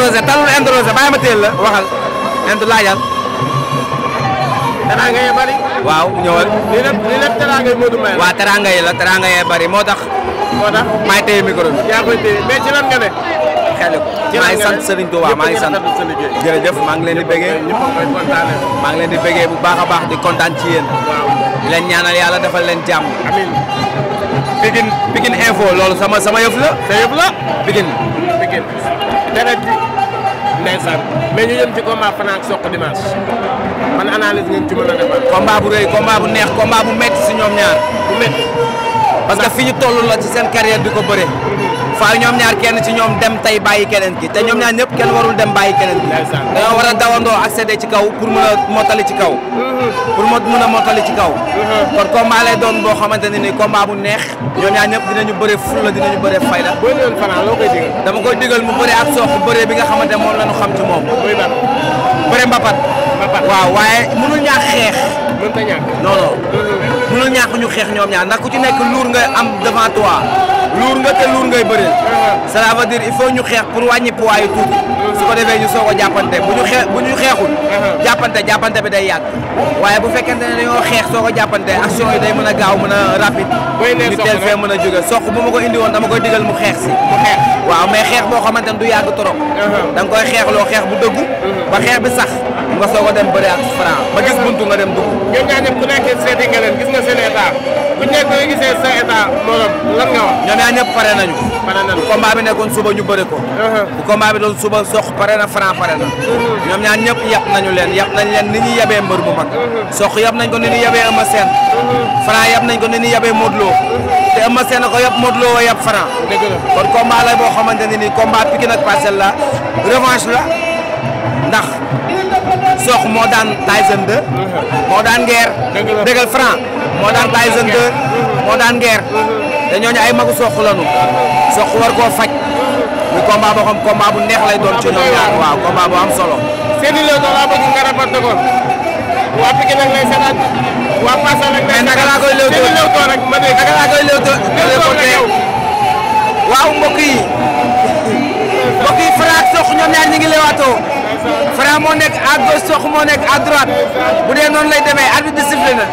introsé talul introsé bàyyi ma waxal intu teranga ya bari waaw ñëwal li lépp li lépp teranga Modou Mbaye waaw teranga la teranga ya bari modak, modak, may téye micro bi koy téye mais ci lan nga ne sant Serigne Touba sant leen di bëggee maa di bëggee bu baax baax di kontaan ci yéen di leen ñaanal yàlla defal leen info sama sama ya, la sa yëf la ndeysaan mais ñu jëm ci combat Franc ak Sokh dimanche man analyse ngeen ci mën a defal combat bu rëy combat bu neex combat bu métti si ñoom ñaar bu parce que fi ñu toll la ci seen carrière di ko bëre faaw ñoom ñaar kenn ci ñoom dem tey bàyyi keneen ki te ñoom ñaar ñëpp kenn warul dem bàyyi keneen ki dañoo war a dawandoo accéder ci kaw pour mën a mottali ci kaw pour mo mën a mottali ci kaw kon combat lay doon boo xamante ne ni combat bu neex ñoom ñaar ñëpp dinañu bëre fulla dinañu bëre fayda dama koy digal mu bëre ak soox bëre bi nga xamante moom la ñu xam ci moom bëre mbapat waaw waaye mënul mënut a ñàkk non ñu xeex ñoom ñaar ndax ku ci nekk luur nga am devant toi luur nga te luur ngay bëree cela veut il faut ñu xeex pour wàññi poids yi tuuti su ko defee ñu soog a jàppante bu ñu xeex bu ñu xeexul jàppante jàppante bi day yàgg waaye bu fekkente ne dañoo xeex soog a jàppante action yi day mën a gaaw mën a rapide a jóge soq bu ma ko indi woon dama koy digal mu xeex si mu xeex waaw mais du yàgg trop da nga koy xeexloo xeex bu dëggu ba xeex bi sax a dem bëri ak franc ba gis buntu nga dem dugg ñoom ñaar ñëpp ku nekk seeti nga leen gis Tata morom lan nga wax ñoom ñaar ñëpp pare nañu pare nañu combat bi nekkoon suba ñu bëre ko uh-huh. bu combat bi doon suba sox pare na franc pare na uh-huh. ñoom ñaar ñëpp yab nañu leen yab nañ leen ni ñuy yabee mbër bu mag uh-huh. sox yab nañ ko ni ñuy yabee Eumeu Sène franc yab nañ ko ni ñuy yabee Modou Lo te Eumeu Sène ko yab Modou Lo yab franc kon combat guerre dëggal franc moo daan moo daan ngeer te ñooñu ay magu soq lañu soq war koo faj muy combat boo xam combat bu neex lay doon ci ñoom ñaar waaw combat bu am solo. Seydou Lo laa bëgg nga rapporté ko waa Pikine nag lay seetaat waa Passe nag lay seetaat mais naka laa koy léewtoo Seydou Lo rek ma dégg naka laa koy léewtoo waaw mbokk yi mbokk yi Franc ak soq ñoom ñaar ñi ngi leewaatoo Franc moo nekk à gauche soq moo nekk à droite bu dee noonu lay demee arbitre bi sifflé na.